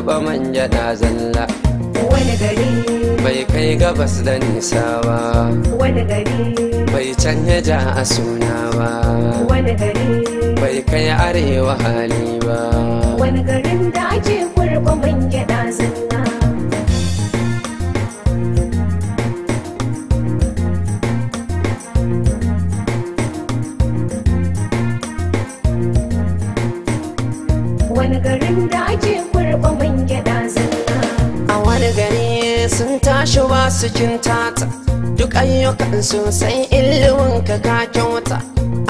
karba manja na zalla wani gari bai kai gabas da nisa ba wani gari bai canja ja a suna ba wani gari bai kai arewa hali ba wani garin da ake kurba manja na zalla shi ba duk ayyukan sosai illimin ka ka kyauta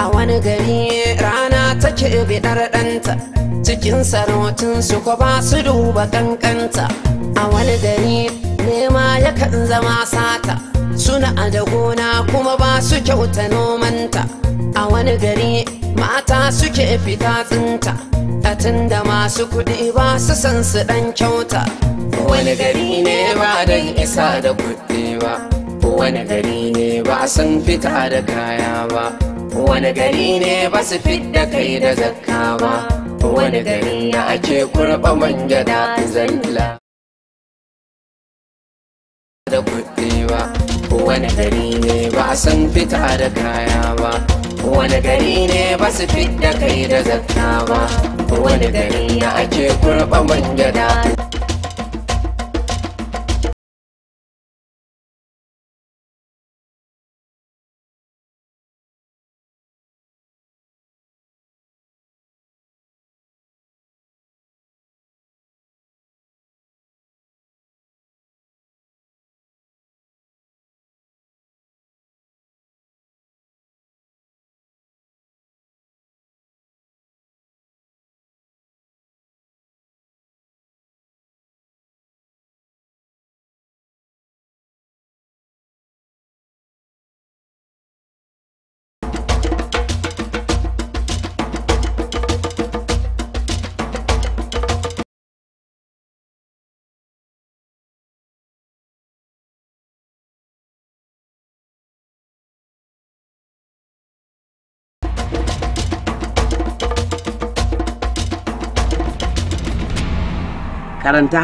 a wani gari rana take bidar ɗanta cikin sarautun su ko ba su duba kankanta a wani gari nema yakan zama sata suna da gona kuma ba su kyauta nomanta a wani gari mata suke fita tsinta a da masu kuɗi ba su san su ɗan kyauta wani gari ne ba dan isa da kuɗi ba wani gari ne ba san fita da kaya ba wani gari ne ba su da kai da zakka ba wani gari na ake kurɓa manja da zalla da kuɗi ba wani gari ne ba san fita da kaya ba wani gari ne ba su da kai da zakka ba wani gari na ake kurɓa manja da zalla. karanta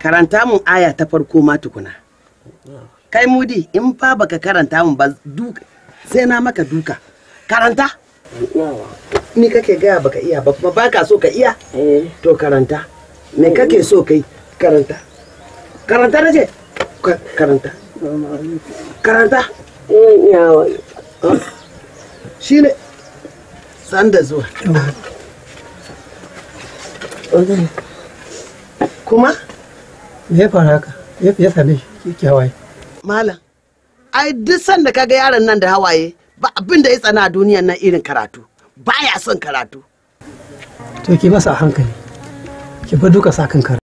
karanta mun aya ta farko ma tukuna kai mudi in fa baka karanta mun ba duka sai na maka duka karanta ni kake gaya baka iya ba kuma baka so ka iya eh. to karanta me kake so kai karanta karanta na ce karanta karanta eh, shi ne sanda zuwa kuma me ya fara haka ya fi yasa ne ki hawaye malam ai duk sanda kaga yaron nan da hawaye ba abin da ya tsana a duniyan nan irin karatu baya son karatu to ki masa a hankali ki bar duka sakan karatu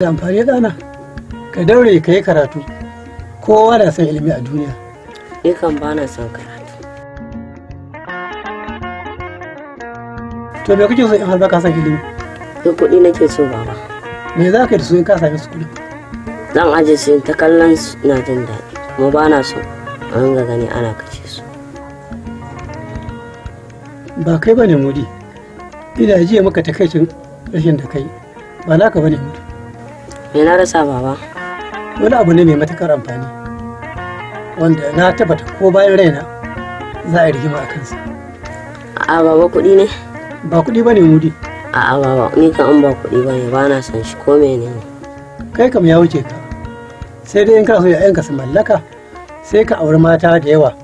da amfani dana ka daure ka yi karatu kowa na son ilimi a duniya ni kan ba na son karatu to me kuke so in har ba ka san ilimi ni kuɗi nake so baba me za ka yi da su in ka sami su kuɗi zan aje su in ta kallon su na jin daɗi Mu ba na so a ringa gani ana kace su ba kai ba ne mudi ina jiya maka takaicin rashin da kai ba naka ba ne mudi Me na rasa baba? Wani abu ne mai matukar amfani. Wanda na tabbata ko bayan raina za a rigima a kansa. A'a baba kuɗi ne? Ba kuɗi ba ne mudi. A'a baba ni kan an ba kuɗi ba ne ba na san shi ko me ne. Kai kam ya wuce ka. Sai dai in ka so yanka su mallaka sai ka auri mata da yawa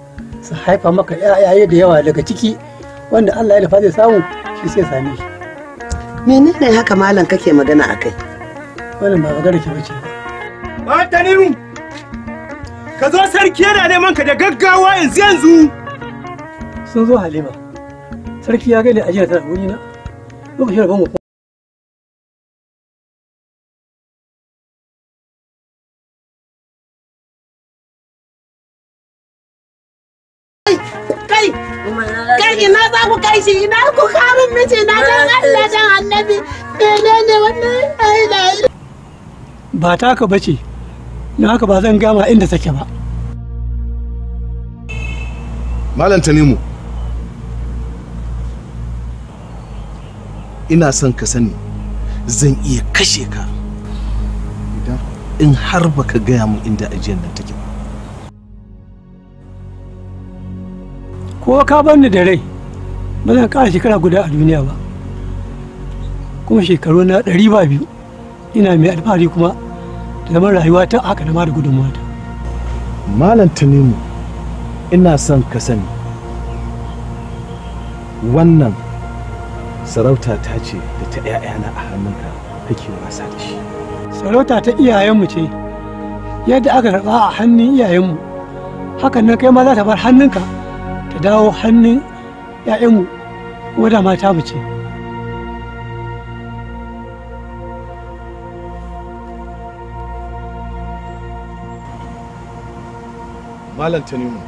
su haifa maka ƴaƴaye da yawa daga ciki wanda Allah ya lafa zai samu shi sai sami shi. Menene haka malam kake magana a kai? wannan ba magana ke bace ba ta tanimu ka zo sarki yana neman ka da gaggawa yanzu yanzu sun zo halima sarki ya gani ajiyar tana wuri na lokacin da ban ina za ku kai shi ina ku kamun miji na dan Allah dan annabi menene wannan ai ba taka bace don haka ba zan gama inda take ba malam tanimu ina son ka sani zan iya kashe ka in har baka gaya mu inda ajiyar nan take ba ko ka bar ni da rai ba zan kara shekara guda a duniya ba kuma shekaru na ɗari ba biyu ina mai alfahari kuma zaman rayuwa ta haka na ma da gudunmawa malam tanimu ina son ka sani wannan sarauta ta ce da ta 'ya'yana a hannunka kake wasa da shi sarauta ta iyayenmu ce yadda aka karɓa a hannun iyayenmu hakan na kai ma za ta bar hannunka ta dawo hannun 'ya'yanmu wadda mata mu ce ne mu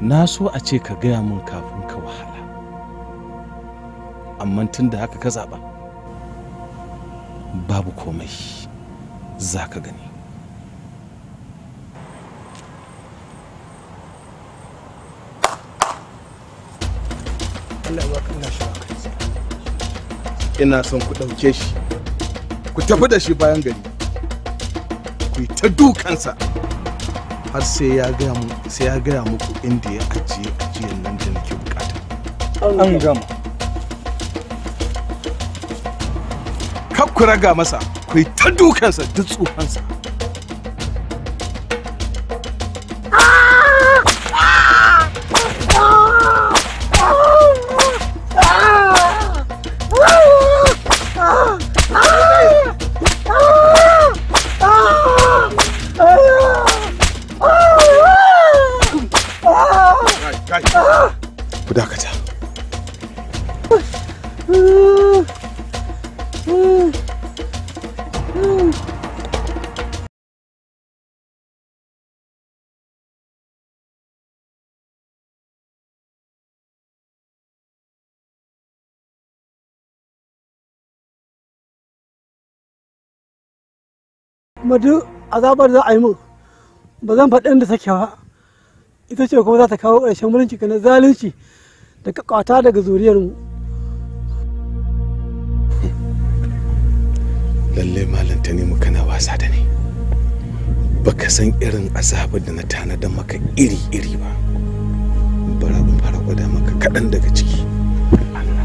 Na so a ce ka gaya min kafin ka wahala. Amma tun da haka ka zaba Babu komai za ka gani. Ina son ku ɗauke shi, ku tafi da shi bayan gari, ku yi ta dukansa. har sai ya gaya mu sai ya gaya muku inda ya ajiye ajiyan nan da nake bukata an gama kakkura ku masa ku ta dukansa duk tsohansa. madu azabar za a yi min ba zan faɗi inda sake ba ita ce kuma za ta kawo ƙarshen mulki na zalunci da kakwata daga zuriyarmu lalle malam ta nemi kana wasa da ni baka san irin azabar da na tanadar maka iri-iri ba bara in fara gwada maka kaɗan daga ciki Allah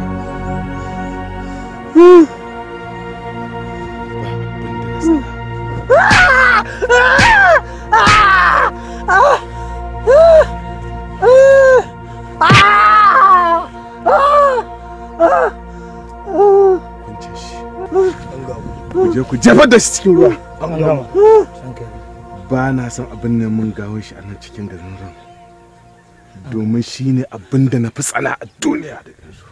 ku jefar da shi cikin ruwa ba na son abin nan mun gawo shi a nan cikin garin ran domin shine abin da na fi tsana a duniya da yanzu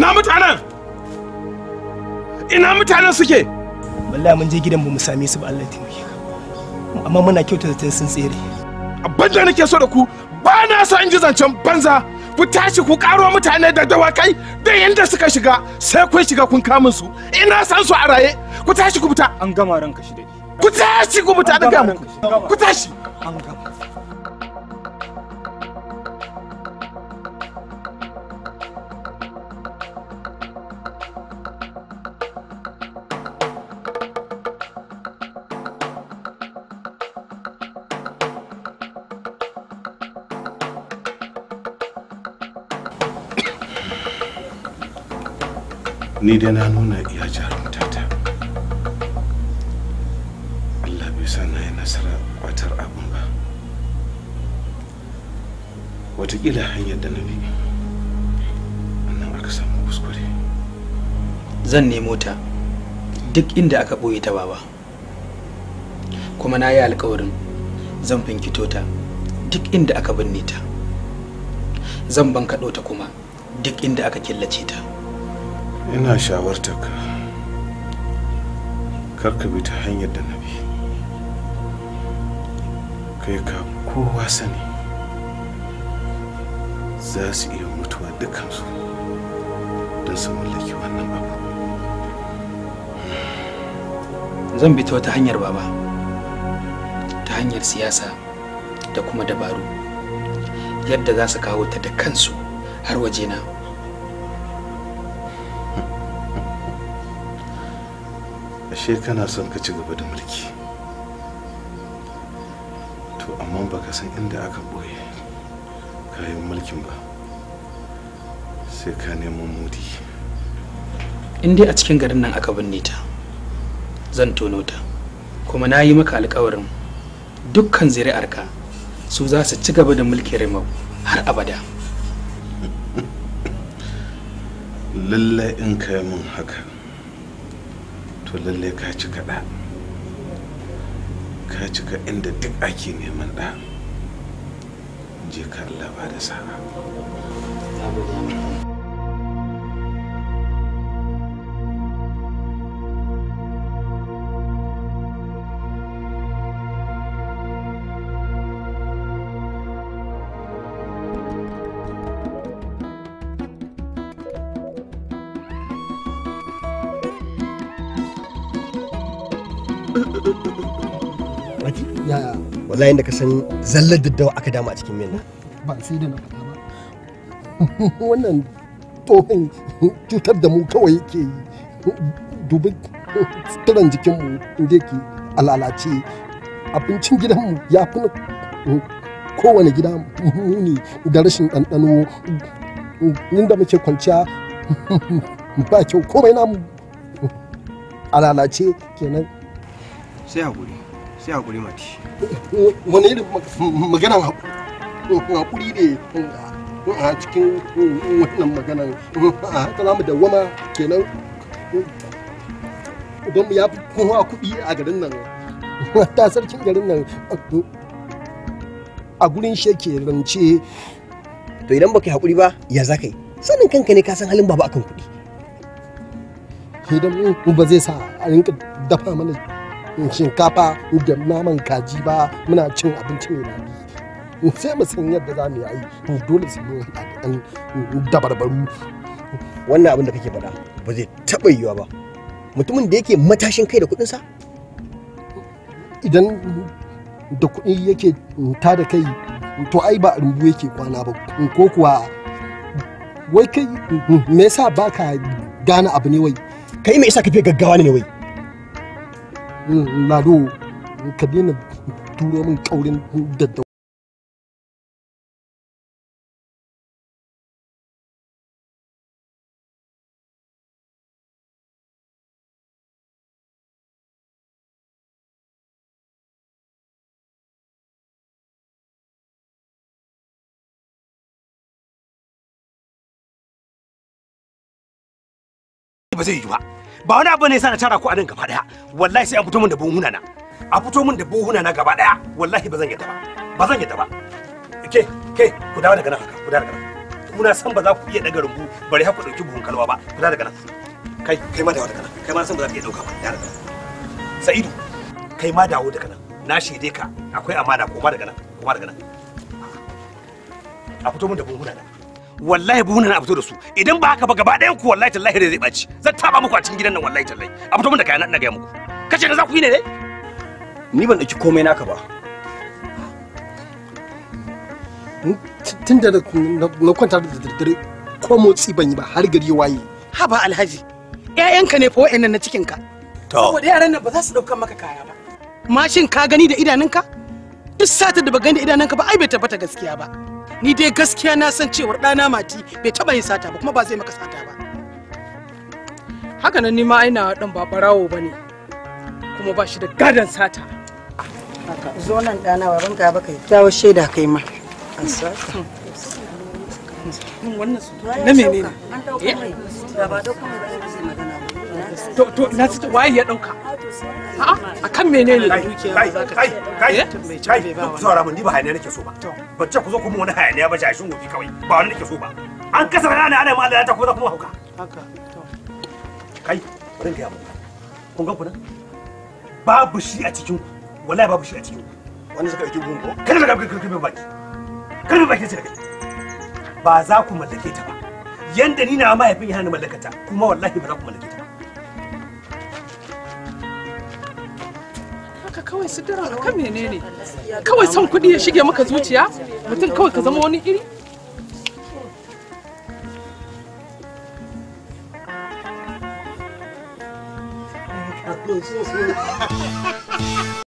ina mutanen ina mutanen suke wallahi mun je gidan mu same su ba Allah ya taimake ka amma muna kyauta da sun tsere abin da nake so da ku ba na so in ji zancen banza ku tashi ku karo mutane da dawakai da yanda suka shiga sai kun shiga kun kamun su ina san su a raye ku tashi ku fita an gama ranka shi dai ku tashi ku fita da gama. ku tashi an gama ni dai na nuna iya jarumta ta Allah bai san na yi nasara kwatar abin ba watakila hanyar da na bi aka samu kuskure zan nemo ta duk inda aka ɓoye ta baba kuma na yi alkawarin zan finkito ta duk inda aka binne ta zan banka ta kuma duk inda aka killace ta. ina shawartar ka kar bi ta hanyar da na bi kai ka kowa sani za su iya mutuwa dukansu don su mallaki wannan abu zan bi ta wata hanyar baba ta hanyar siyasa da kuma dabaru yadda za su kawo ta da kansu har waje na ashe kana son ka ci gaba da mulki to amma baka san inda aka boye kayan mulkin ba sai ka neman mudi in a cikin garin nan aka binne ta zan tono ta kuma na yi maka alkawarin dukkan zuri'arka su za su ci gaba da mulki rimau har abada lallai in kai mun haka to lalle ka cika ɗa ka cika inda duk ake neman ɗa je ka Allah ba da sa'a Wallahi da ka san zallar daddawa aka dama a cikin mena. Ba sai da na faɗa ba. Wannan tsohon cutar da mu kawai yake yi. Dubi turan jikinmu inda yake alalace. Abincin gidanmu ya fi kowane gida muni da rashin ɗanɗano. Inda muke kwanciya ba kyau komai namu alalace kenan sai hakuri sai hakuri mati wani ne maganan mm, hakuri ne a cikin mm, wannan maganan a haka za mu wama kenan ubanmu ya fi kowa kuɗi a garin nan ta sarkin garin nan a gurin sheke rance to idan baka yi hakuri ba ya za ka yi sanin kanka ne ka san halin babu akan kuɗi idan ba zai sa a rinka dafa mana shinkafa da naman kaji ba muna cin abinci mai nauyi sai mu san yadda za mu yi to dole su yi an dabarbaru wannan abin da kake faɗa ba zai taɓa yiwa ba mutumin da yake matashin kai da kuɗinsa idan da kuɗi yake ta da kai to ai ba rumbu yake kwana ba ko kuwa wai kai me yasa baka gane abu ne wai kai me yasa kafe gaggawa ne wai lado ka daina turo min kaurin daddawa ba zai yi ba ba wani abu ne yasa na tara ku a nan gaba daya wallahi sai a fito min da buhuna na a fito min da buhuna na gaba daya wallahi ba zan yadda ba ba zan yadda ba ke ke ku dawo daga nan haka ku dawo daga nan kuna san ba za ku iya daga rumbu bari haka dauki buhun kalwa ba ku dawo daga nan kai kai ma dawo daga nan kai ma san ba za ka iya dauka ba dawo daga nan sa'idu kai ma dawo daga nan na shaide ka akwai amana koma daga nan koma daga nan a fito min da buhuna na wallahi buhunan na fito da su idan ba haka ba gaba ɗayan ku wallahi tallahi da zai ɓaci zan taɓa muku a cikin gidan nan wallahi tallahi a fito mun da kayan na gaya muku kace na za ku yi ne dai ni ban ɗauki komai naka ba tun da na kwanta da daddare ko motsi ban yi ba har gari waye haba alhaji ƴaƴanka ne fa wa'annan na cikin ka saboda yaran nan ba za su ɗaukan maka kaya ba mashin ka gani da idanunka duk satar da ba gani da idanunka ba ai bai tabbata gaskiya ba ni dai gaskiya na san cewar ɗana mati bai taɓa yin sata ba kuma ba zai maka sata ba haka nan nima aina ɗan ba barawo ba ne kuma ba shi da gadon sata zo nan ɗana baban ka kai dawo shaida kai ma wannan na menene ba da kuma ba zai magana ba to to na su waye ya dauka ha a kan menene ne dukiya ba za ka kai eh? kai kai ku saura mun diba ba hayaniya nake so ba ba ce ku zo kuma wani hayaniya ba jashin gobe kawai ba wani nake so ba an kasa rana ana ma Allah ta zo kuma hauka haka to kai bari ga mu kun ga kuna babu shi a cikin wallahi babu shi a cikin wani suka yi gungo kada ka ga kirkin baki kada baki sai ba za ku mallake ta ba yanda ni na mahaifin yana mallakata kuma wallahi ba za ku mallake ta kawai sutura a kan menene kawai son kuɗi ya shige maka zuciya mutum kawai ka zama wani iri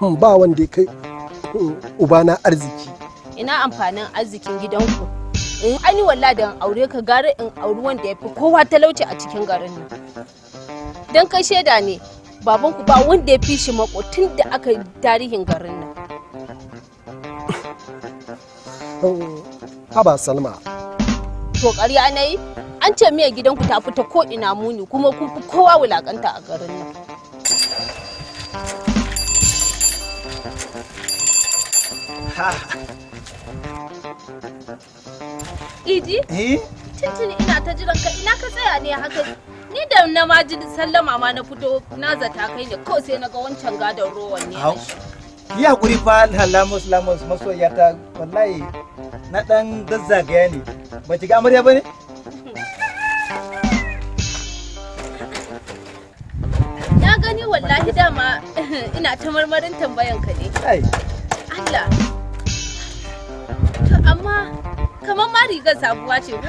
Hmm, ba wanda kai hmm, ubana arziki ina amfanin arzikin gidanku in eh, ani walla da in aure ka gara in auri wanda yafi kowa talauci a cikin garin nan dan kai shaida ne babanku ba wanda ya fi shi mako da aka tarihin garin nan hmm, haba salma to ƙarya na an ce miya gidanku ta fita ko ina muni kuma kun fi kowa wulakanta a garin nan Iji? Eh? Tuntuni ina ta jiran ka ina ka tsaya ne haka. Ni da na maji sallama ma na fito na zata kai ne ko sai na ga wancan gadon ruwan ne. Yi hakuri fa Lamus Lamus masoyiya ta wallahi na dan zazzagaya ne. Ba ki ga amarya ba ne? Na gani wallahi dama ina ta marmarin tambayan ka ne. Allah. Amma kamar ma rigar sabuwa ce ko?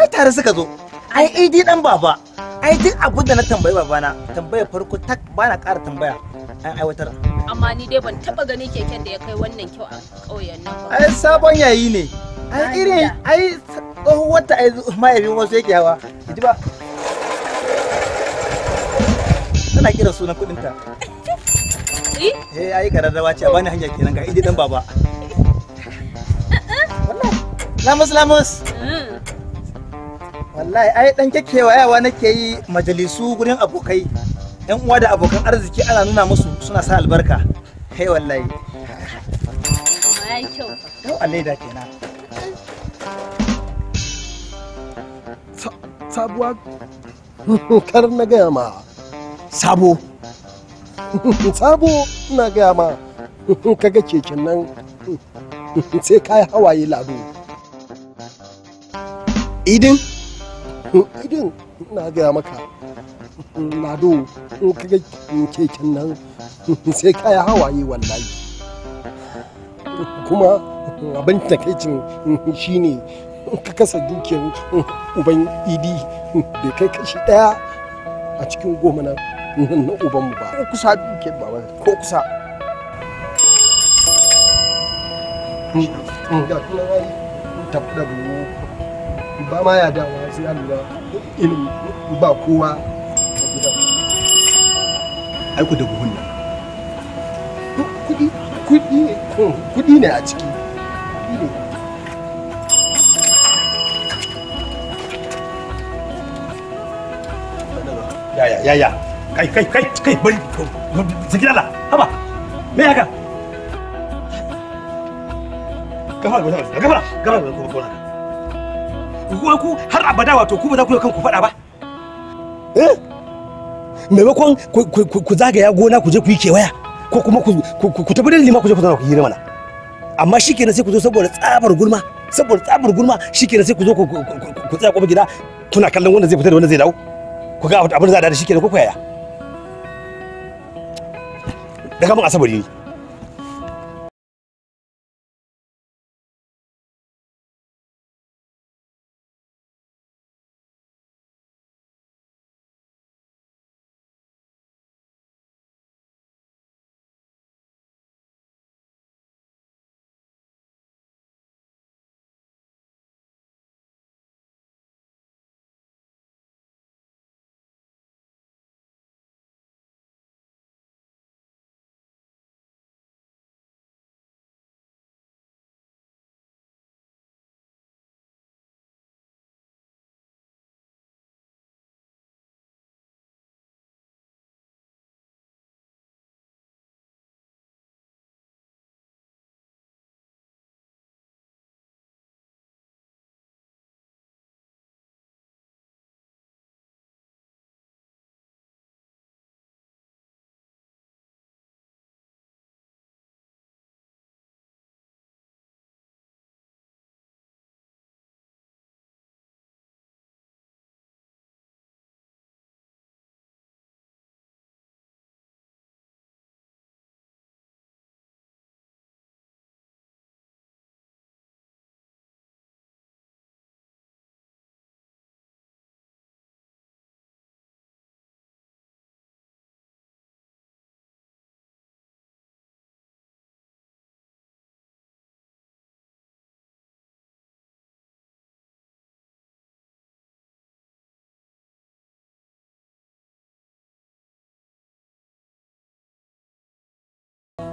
Ai tare suka zo. Ai idi e dan baba. Ai duk abin da na tambayi babana tambayar farko tak bana ƙara tambaya. An aiwatar. Amma ni dai ban taba ganin keken da ya kai wannan kyau a ƙauyen nan ba. Ai sabon yayi ne. Ai irin ai tsohuwar wata ai mahaifin wasu yake hawa. Ji ba. Tana kira sunan kuɗinta. Eh? Eh ai kararrawa ce a bani hanya kenan ga idi e dan baba. Lamus lamus. Wallahi ai dan yawa nake yi majalisu gurin abokai. Yan uwa da abokan arziki ana nuna musu suna sa albarka. Kai wallahi. kyau. Yau a leda kenan. Sabuwa kar na gaya ma sabo sabo na gaya ma kaga keken nan sai kayi hawaye lado idin idin na gaya maka lado in kaga keken nan sai kaya hawaye wallahi kuma abin takaicin shine ka kasa dukiyar uban idi bai kai kashi daya a cikin goma na ubanmu ba ko kusa dukiyar baba ko kusa ga kuma tafi da ba ma ya dawa sai an lura ilimi ba kowa a aiku da buhun nan kudi kudi hmm, kudi ne a ciki yaya yaya kai kai kai kai bari haba me haka gafara gafara gafara gafara gafara wai ku har abada wato ku ba za ku yi kanku faɗa ba eh maimakon ku zagaya gona ku je ku yi kewaya ko kuma ku tafi da lima ku je ku zauna ku yi mana amma shikenan sai ku zo saboda tsabar gulma saboda tsabar gulma shikenan sai ku zo ku tsaya kofar gida kuna kallon wanda zai fita da wanda zai dawo ku ga abin da za a da shikenan ko ku yaya daga mun asabari ne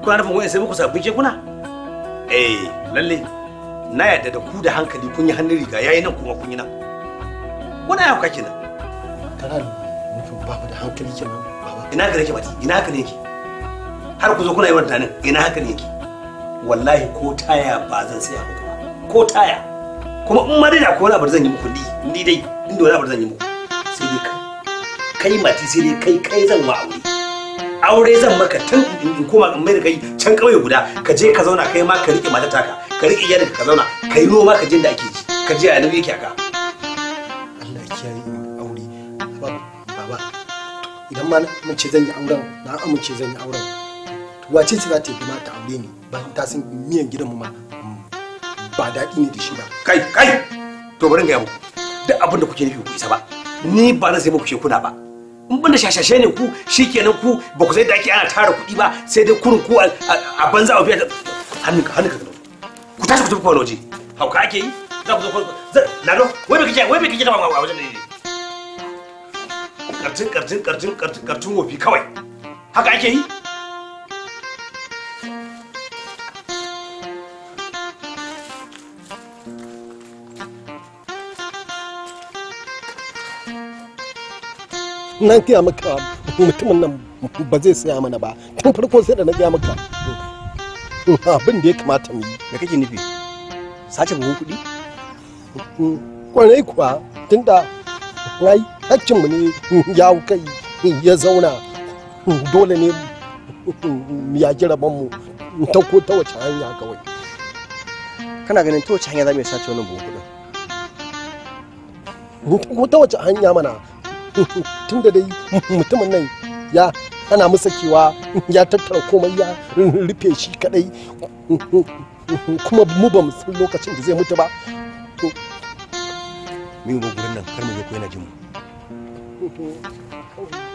kuna nufin wai sai muku sabbin kekuna eh lalle na yadda da ku da hankali kun yi hannun riga yayi nan kuma kun yi nan wani ayyuka kake nan kana nufin ba da hankali kenan baba ina ka nake bati ina ka nake har ku zo kuna yi wannan tunanin ina ka nake wallahi ko taya ba zan saya ku kuma. ko taya kuma in ma dai da ko wani zan yi muku ni ni dai inda wani abu zan yi muku sai dai kai kai mati sai dai kai kai zan wa aure aure zan maka tun in koma in mai da kai can kauye guda ka je ka zauna kai ma ka rike mata taka ka rike iyalin ka zauna ka yi noma ka jin da ake ka je a nan yake aka Allah ya kiyaye aure baba idan ma mun ce zan yi auren na amince zan yi auren wace ce za ta yi ta aure ne ba ta san miyan gidan mu ma mm, ba daɗi ne da shi ba kai kai to bari ga yabo duk abin da kuke nufi ku isa ba ni ba na sai muku kuna ba in banda shashashe ne ku shikenan ku ba ku sai da ake ana tara kuɗi ba sai dai kurin ku a banza a biya hannunka hannunka ku tashi ku tafi kwano waje hauka ake yi za ku zo kwan lalo wai bai kike wai bai kike taɓa a wajen ne kartin kartin kartin kartin wofi kawai haka ake yi na gaya maka mutumin nan ba zai saya mana ba tun farko sai da na gaya maka abin da ya kamata mu yi me kake nufi sace buhun kuɗi kwarai kuwa tunda hakkin mu ne ya kai ya zauna dole ne ya ji mu ta ko ta wace hanya kawai kana ganin ta wace hanya za mu sace wannan buhun kuɗin ko ta wace hanya mana Tunda dai mutumin nan ya ana masa kewa ya tattara komai ya rufe shi kadai kuma mu ba san lokacin da zai mutu ba mu ba gurin nan kar mu je ko yana jin mu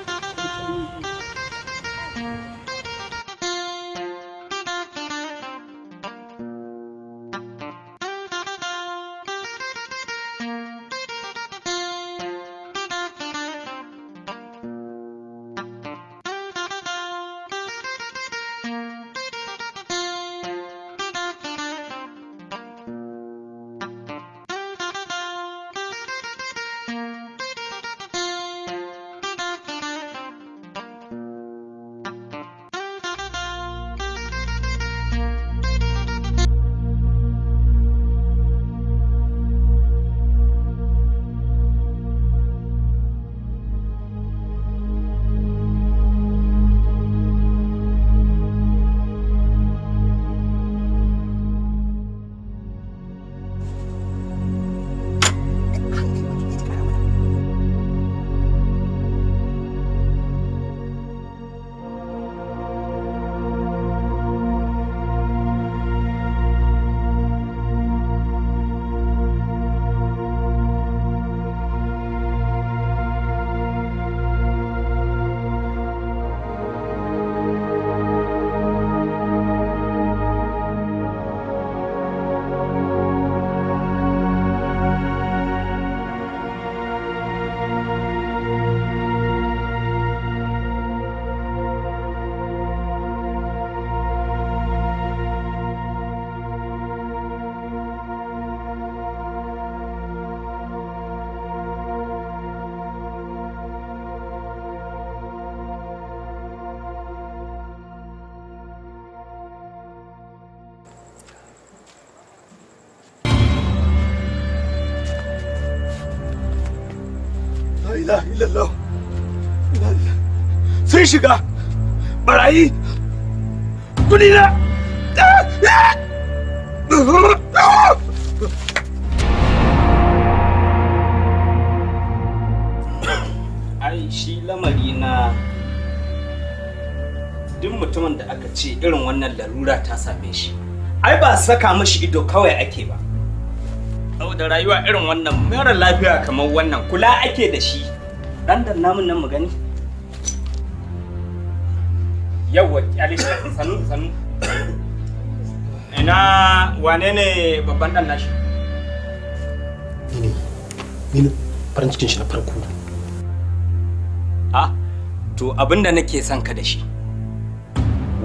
sun shiga barayi kudi na ai shi lamari na duk mutumin da aka ce irin wannan larura ta same shi ai ba saka mashi ido kawai ake ba saboda rayuwa irin wannan mara lafiya kamar wannan kula ake da shi dan dan namun nan mu gani yawwa alisha sanu sanu ina wane ne babban dan nashi ni ne ni farin cikin shi na farko a ah, to abinda nake son ka da shi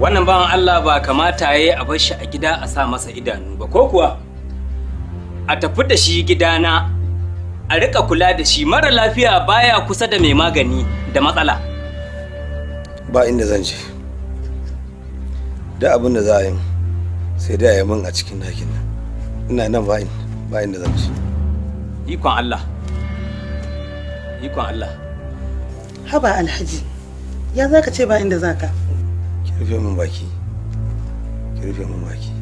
wannan bawan Allah ba kamata yayi a bar shi a gida a sa masa idanu ba ko kuwa a tafi da shi gidana a rika kula da shi mara lafiya baya kusa da mai magani da matsala ba inda zan je da abin da za a yi sai da yi a cikin dakin nan ina nan ba ba inda zan je ikon Allah ikon Allah haba alhaji ya zaka ce ba inda zaka ki rufe min baki ki rufe min baki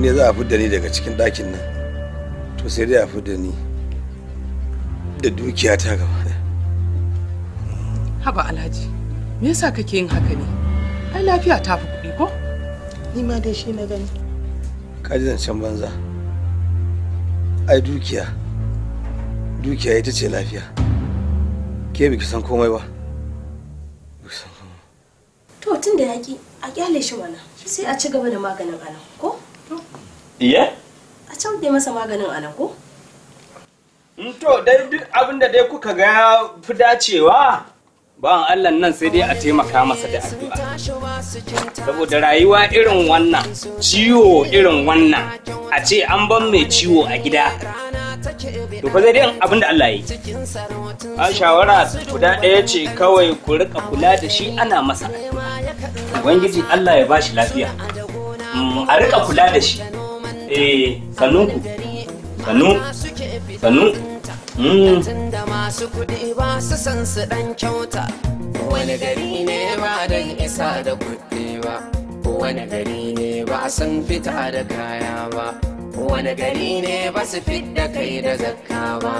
ne za a fidda ni daga cikin dakin nan to sai dai a da ni da dukiya ta gaba haba alhaji me yasa kake yin haka ne ai lafiya ta fi kuɗi ko ni ma dai shi na gani ka ji zancen banza ai dukiya dukiya ita ce lafiya ke biki san komai ba to tun da yaƙi a kyale shi mana sai a ci gaba da maganin anan ko iya ne masa maganin a nan ko? Mm, to dai duk abin da dai kuka ga ya fi dacewa bawan Allah nan sai dai a taimaka masa da addu'a. Saboda rayuwa irin wannan, ciwo irin wannan, a ce an ban mai ciwo a gida. To fa zai dai abin da Allah ya yi. A shawara guda ɗaya ce kawai ku rika kula da shi ana masa Ubangiji Allah ya ba shi lafiya. Mm, a rika kula da shi. eh sannu sannu sannu masu kuɗi ba san su ɗan kyauta wani gari ne ba don isa da kuɗi ba wani gari ne ba san fita da kaya ba wani gari ne ba su fit da kai da zakka ba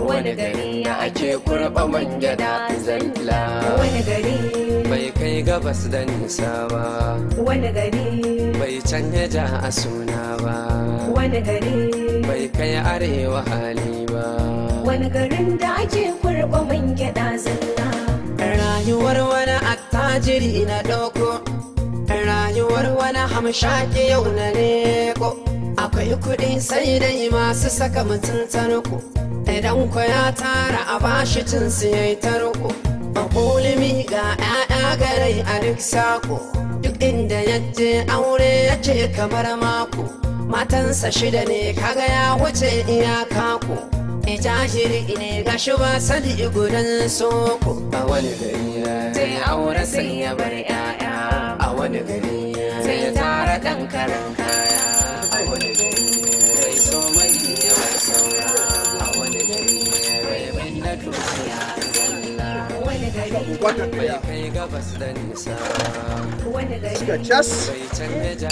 wani gari na ake kurɓa man da zalla wani gari bai kai gabas da nisa ba wani gari bai canja a suna ba wani gari bai kai arewa hali ba wani garin da ake kurɓa man da zalla rayuwar wani attajiri na ɗauko rayuwar wani hamshaki yau na leko akwai kuɗi sai dai masu saka mutum tarko idan ku ya tara a bashi cin yi tarko a kulimi ga 'ya'ya garai a duk sako duk inda yaje aure ya ce kamar mako matansa shida ne kaga ya wuce iyaka ku e jahiri ne ga shi ba sani gudan soko a wani gari ya aure sai ya bar 'ya'ya wani gari sai ya tara ɗan karan kaya a wani gari sai so mani ya saura a wani gari bai min na tusiya kai gabas da nisa suka cas canja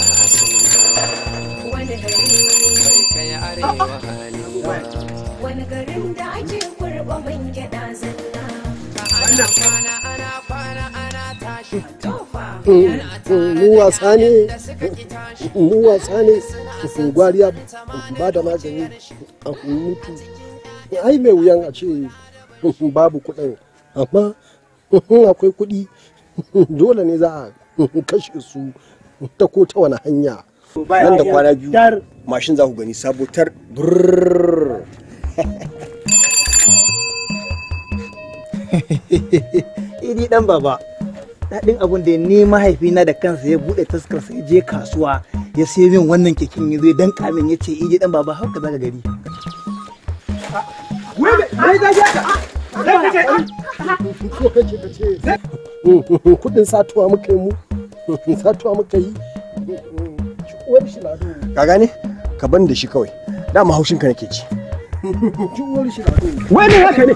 kai arewa ah, ah. wani garin da ake kurba man gyaɗa zalla ana kwana ana kwana ana Mm, mm, mu wasa ne mu wasa ne gwariya ba da magani a mutu ai mai wuyan a ce babu kuɗin amma akwai kuɗi dole ne za a kashe su ta ko ta wani hanya nan da kwana biyu mashin za ku gani sabotar iri dan baba daɗin abin da ni mahaifina da kansa ya buɗe taskarsa ya je kasuwa ya sai min wannan keken ya zo dan kamin ya ce ije dan baba hauka zaka gari ah, ah, ah. eh, kudin satuwa muka yi mu satuwa muka yi ka gane ka ban da shi kawai dama haushinka nake ci wani haka ne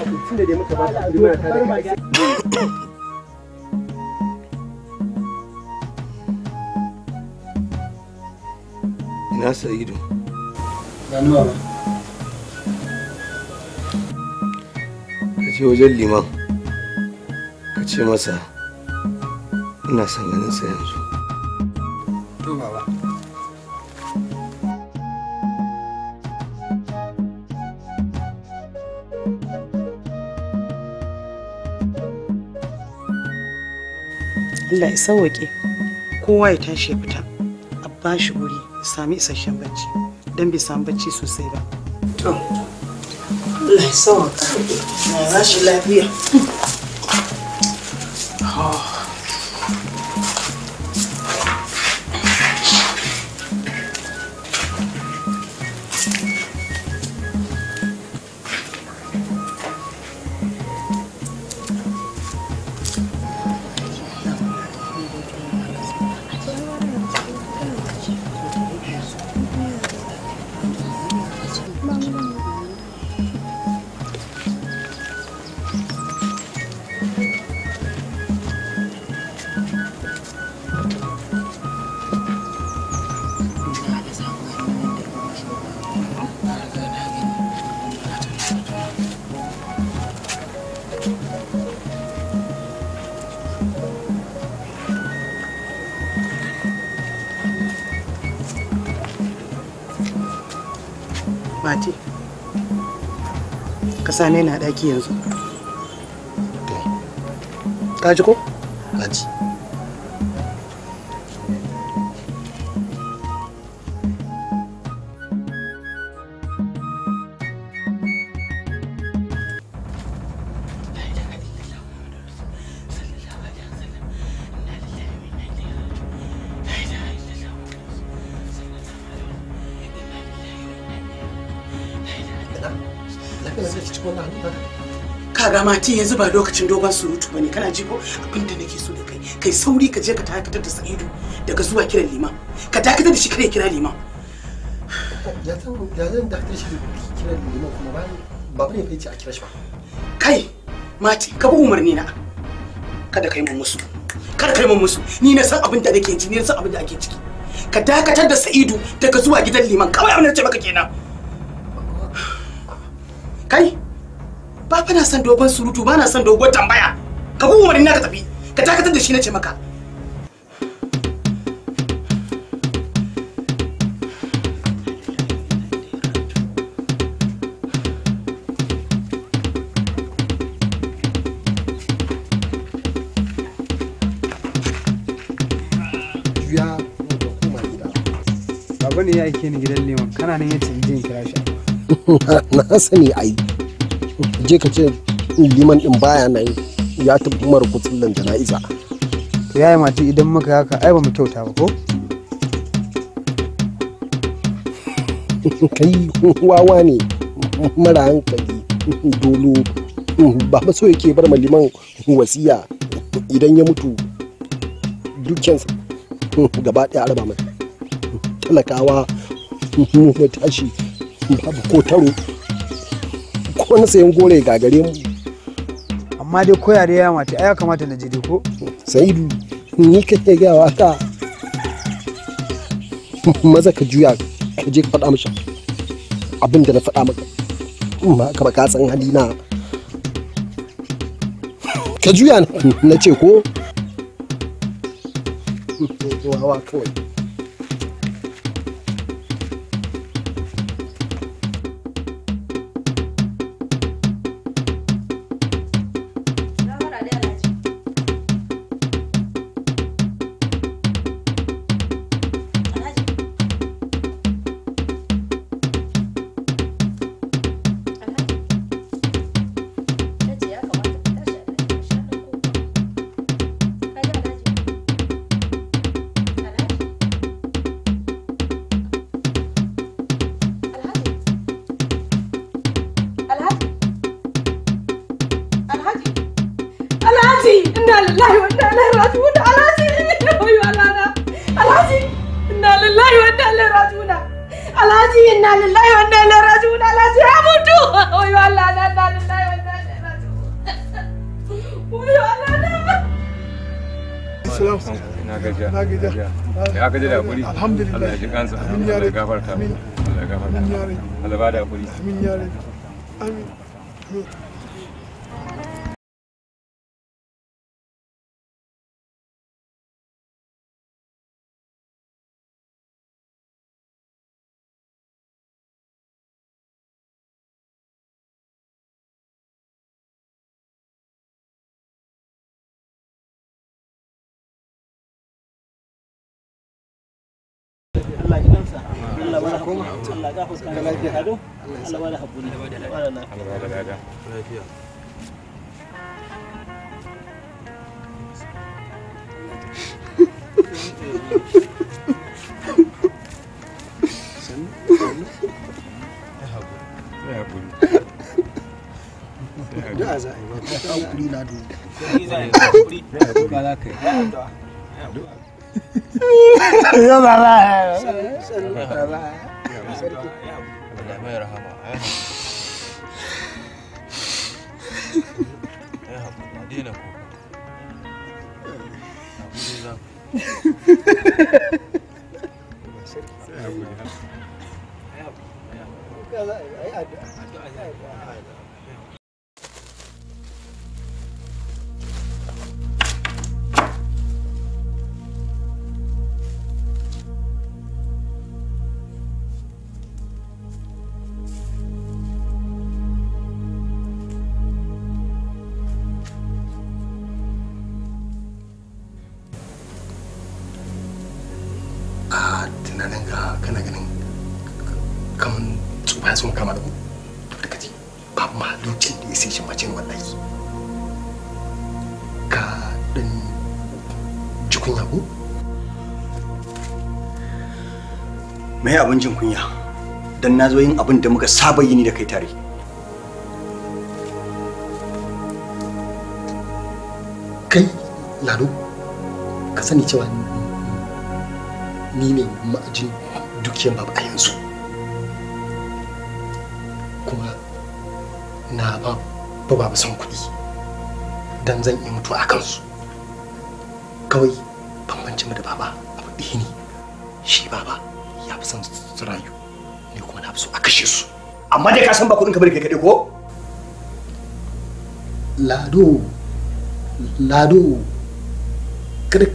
abincin da dai muka ba ta Sa'idu. Ganuwa ba. Ka ce wajen liman. Ka ce masa ina son ganin sa yanzu. To baba. Allah ya sauwaƙe kowa ya tashi fita a bashi wuri ya sami isasshen bacci don bai samu bacci sosai ba to Allah ya sauwaƙa ya bashi lafiya ka sane na daki yanzu ka ji ko ce yanzu ba lokacin dogon surutu bane kana ji ko abin da nake so da kai kai sauri ka je ka dakatar da sa'idu daga zuwa kiran liman ka dakatar da shi kare kira liman ya san ya zan dakatar shi kiran liman kuma ba babu ne fice a kira shi ba kai mati ka bi umarni na kada kai mun musu kada kai mun musu ni na san abin da nake ji ni na san abin da ake ciki ka dakatar da sa'idu daga zuwa gidan liman kawai abin da ce maka kenan kai ba na son dogon surutu ba na son dogon tambaya ka bi umarni na ka tafi ka dakatar da shi na ce maka Baba ne ya aike ni gidan lemon kana ni yace in je in kira shi. Na sani ai. je ka ce liman din baya nan ya tafi mara da jana'iza to yaya mati idan muka haka ai ba mu kyauta ba ko kai wawa ne mara hankali dolo ba so yake bar liman wasiya idan ya mutu dukiyansa gaba ɗaya araba mai talakawa mu tashi babu ko taro ko na sayan gore ga mu amma dai koya da yawa mata ai kamata na je dai ko sa'idu ni kake ga waka maza ka juya ka je ka faɗa abin na faɗa maka ma ka baka san halina ka juya na ce ko wawa kawai hakuri alhamdulillah Allah ya ji kansa amin ya gafarta amin Allah ya gafarta ya amin ya amin sai hakuri da za a yi ba ta hakuri na dole ya ba ba ya ba ya mai rahama ya ya hakuri a daina kuka hakuri za ku 哎哎哎！abin jin kunya don na zo yin abin da muka saba yi ni da kai tare kai lado ka sani cewa ni ne ma'ajin dukiyar babu a yanzu kuma na ba babu son kuɗi don zan yi mutu a kansu kawai bambancin da baba abu ɗaya ne shi baba ya fi son su rayu ni kuma na fi so a kashe su amma dai ka san ba kuɗin ka bari kai kaɗai ko lado lado kada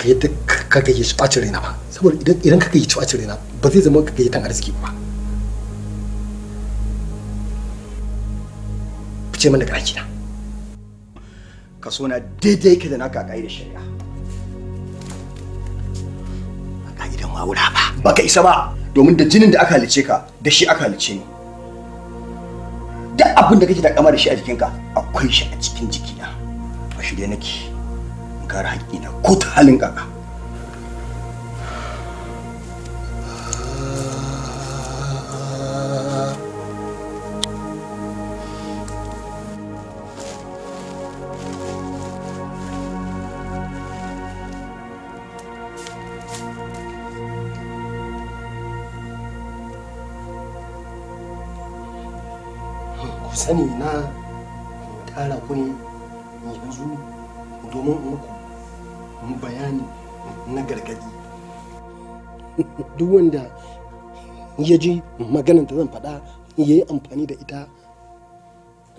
ka yadda ka kai shi ɓacin raina ba saboda idan idan ka kai shi ɓacin raina ba zai zama ka kai tan arziki ba fice mana daga ɗakina ka so na daidai ka da naka a ƙa'idar shari'a a ƙa'idar ma'aura ba baka isa ba domin da jinin da aka halice ka da shi aka halice ni duk abin da kake da kama da shi a jikinka akwai shi a cikin jikina ba shirye nake in kare haƙƙina ko ta halin kaka sani na tara ku yanzu domin muku bayani na gargadi duk wanda ya ji maganar da zan faɗa ya yi amfani da ita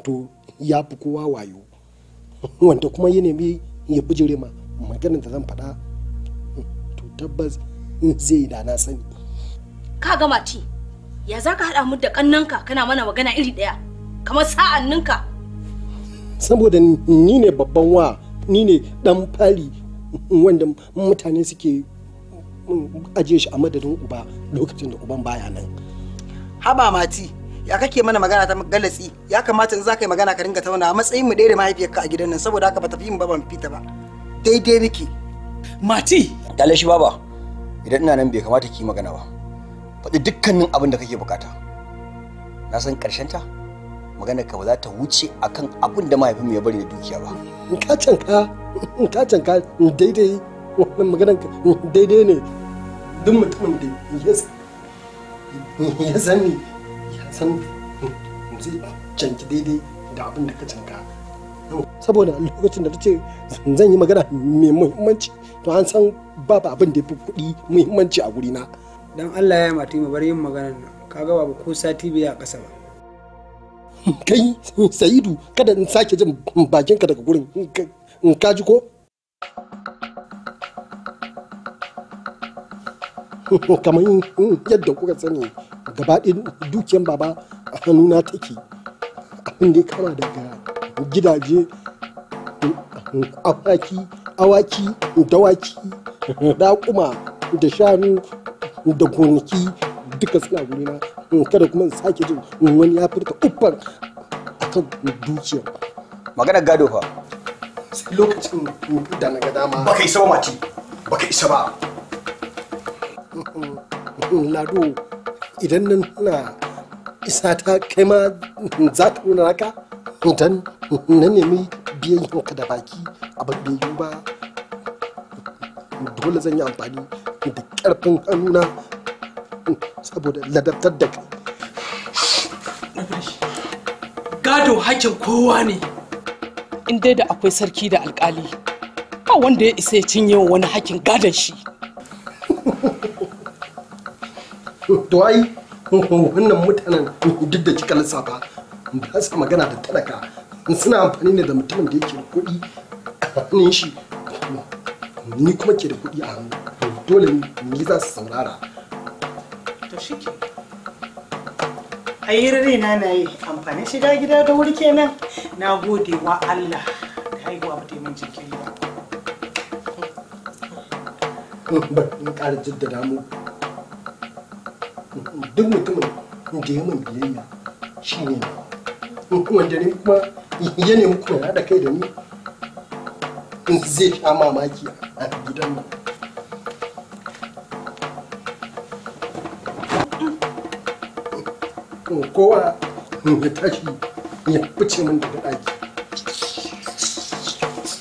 to ya fi kowa wayo wanda kuma ya nemi ya bijire ma maganar da zan faɗa to tabbas zai da na sani ka gama ci ya za ka haɗa mu da ƙannanka kana mana magana iri ɗaya kamar sa'anninka saboda ni ne babban wa ni ne dan fari wanda mutane suke ajiye shi a madadin uba lokacin da uban baya nan haba mati ya kake mana magana ta galatsi ya kamata in za ka yi magana ka ringa tauna a matsayin mu ɗaya da mahaifiyarka a gidan nan saboda haka ba tafi mu ba ban fita ba daidai nake mati dale shi baba idan ina nan bai kamata ki magana ba faɗi dukkanin abin da kake bukata na san ƙarshen ta magana ka ba za ta wuce akan abin da mahaifinmu ya bari da dukiya ba in ka canka in ka canka daidai wannan maganar ka daidai ne duk mutumin da ya sani ya san zai canki daidai da abin da ka canka saboda lokacin da ta ce zan yi magana mai muhimmanci to an san babu abin da ya fi kuɗi muhimmanci a gurina. dan Allah ya mata mu bar yin maganar nan kaga babu ko sati bai a ƙasa ba kai sa'idu kada in sake jin bakinka daga gurin in kaji ko kamar yadda kuka sani gabaɗin dukiyan baba a hannuna take abin da ya kama daga gidaje awaki awaki dawaki raƙuma da shanu da gonaki duka suna gurina Eh, kada kuma in sake jin wani ya furta uffar akan dukiya magana gado fa sai lokacin da na ga dama baka isa ba mati baka isa ba lado idan nan na isa ta kai ma za ta nuna raka idan na nemi ka da baki a bai yiwu ba dole zan yi amfani da ƙarfin hannuna saboda ladabtar da gado hakin kowa ne in dai da akwai sarki da alkali ba wanda ya isa ya cinye wa wani hakin gadon shi to ai wannan mutanen duk da kika lissafa ba sa magana da talaka suna amfani ne da mutumin da yake da kuɗi a shi ni kuma ke da kuɗi a hannu dole ni za su saurara to shike ai rina na yi amfani shiga gida da wuri kenan na gode wa Allah da haihuwa ba ta yi min jinkiri ba ban ƙara jaddada mu duk mutumin da ya min biyayya shi ne wanda ne kuma yanayin nemi kuma haɗa kai da ni zai sha mamaki a gidan nan kawai kowa ya tashi ya fice min daga ɗaki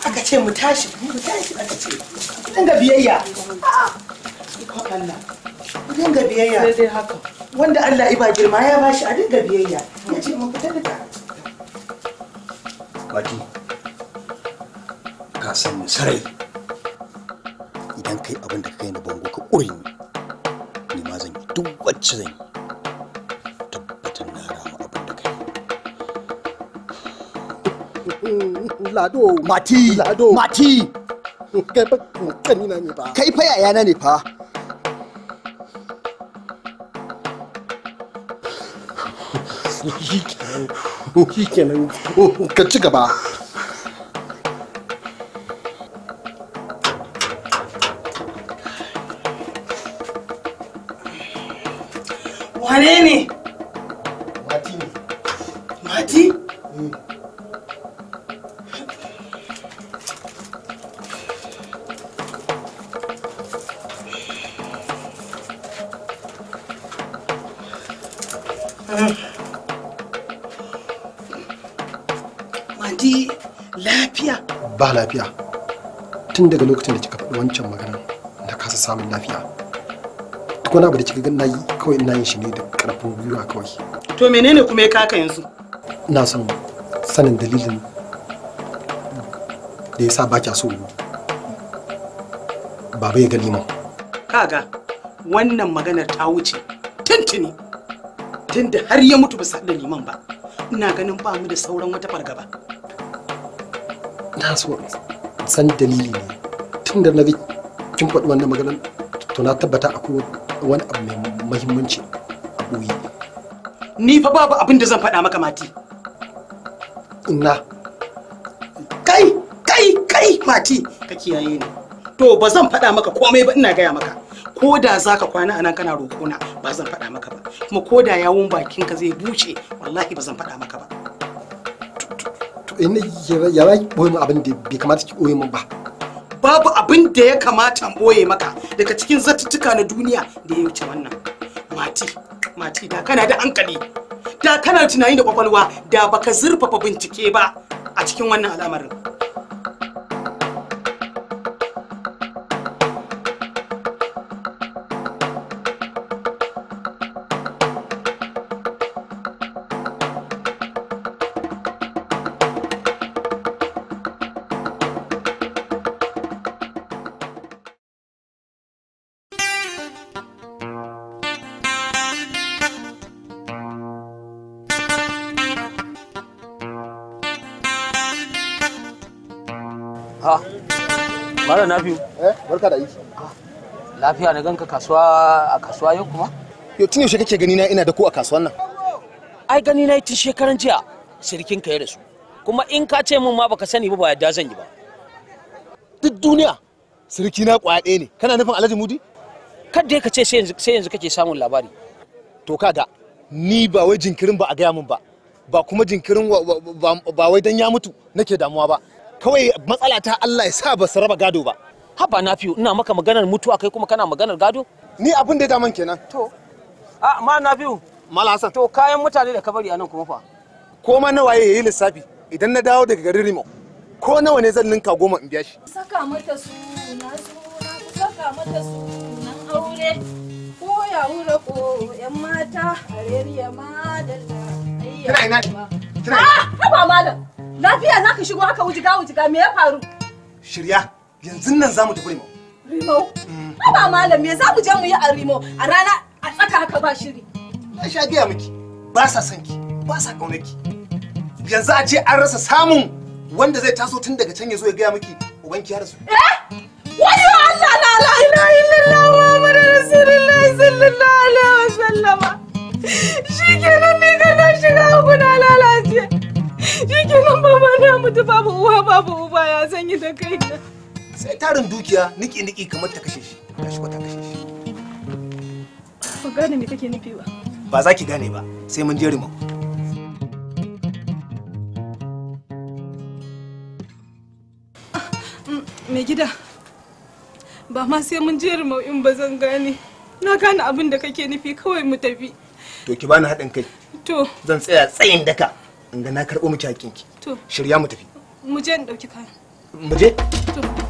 aka ce mu tashi mu tashi aka ce Ku dinga biyayya Allah dinga biyayya sai dai haka wanda Allah iba girma ya bashi a dinga biyayya ya ce mu fita daga baki ka san sarai idan kai abin da kai na bango ka ƙuri ne, ni ma zan yi duk wacce zan yi lado mati lado mati to kai ba ku fa kanina ne ba kai fa yaya na ne fa shi kenan ka ci gaba ba lafiya tun daga lokacin da kika faɗi wancan magana da kasa samun lafiya duk wani abu da kika gani nayi kawai ina yin shi ne da karfin gwiwa kawai to menene kuma ya kaka yanzu ina son sanin dalilin da ya sa ba kya so baba ya gani man kaga wannan maganar ta wuce tuntuni tunda har ya mutu bisa da liman ba ina ganin ba mu da sauran wata fargaba ina san dalili ne tun na ga kin faɗi wannan maganar to na tabbata akwai wani abu mai muhimmanci a ɓoye ni fa babu abin da zan faɗa maka mati ina kai kai kai mati ka kiyaye ni to ba zan faɗa maka komai ba ina gaya maka ko da za ka kwana anan kana roƙona ba zan faɗa maka ba kuma ko da yawon bakinka zai buce wallahi ba zan faɗa maka ba inda ya ba ki boye min abin da bai kamata ki boye min ba babu abin da ya kamata boye maka daga cikin zatuttuka na duniya da ya wuce wannan mati mati da kana da hankali da kana tunani da kwakwalwa da baka zurfafa bincike ba a cikin wannan al'amarin Nafi'u. Eh, barka da aiki. Lafiya na ganka kasuwa a kasuwa yau kuma? Yau tun yaushe kake gani na ina da ku a kasuwan nan? Ai gani na tun shekaran jiya sirkin ka ya rasu. Kuma in ka ce min ma baka sani ba ba yadda zan yi ba. Duk duniya sirki na kwaya ɗaya ne. Kana nufin Alhaji Mudi? Kadda ka ce sai yanzu kake samun labari. To kaga ni ba wai jinkirin ba a gaya min ba. Ba kuma jinkirin ba wai dan ya mutu nake damuwa ba. Kawai matsala ta Allah ya sa ba su raba gado ba. haba na fiyo ina maka maganar mutuwa kai kuma kana maganar gado ni abin da daman kenan to a ma na fiyo mala hasan to kayan mutane da ka bari anan kuma fa ko ma waye yayi lissafi idan na dawo daga garin rimo ko nawa ne zan ninka goma in biya shi saka mata su na su saka mata su nan aure ko ya wura ko yan mata areriya madalla kina ina ina ah haba malam lafiya naka shigo haka wuji ga me ya faru shirya yanzu nan za mu tafi Rimo. Rimo? ba malam me za mu je mu yi a Rimo a rana a tsaka haka ba shiri na sha gaya miki ba sa son ki ba sa kauna ki yanzu a ce an rasa samun wanda zai taso tun daga can ya zo ya gaya miki ubanki ya rasu eh wayo Allah la la ilaha wa muhammadu rasulullah sallallahu alaihi wasallam shikenan ni ga na shiga guda lalace shikenan baba na mutu babu uwa babu uba ya sanyi da kaina sai tarin dukiya niki niki kamar ta kashe shi ta shi ta kashe shi ba gane me kake nufi ba ba za ki gane ba sai mun je rimau ah, mai mm, gida ba ma sai mun je rimau in ba zan gane na gane abin da kake nufi kawai mu tafi to ki bani haɗin kai to zan tsaya tsayin daka in ga na karɓo miki hakinki to shirya mu tafi mu je in ɗauki kayan mu je to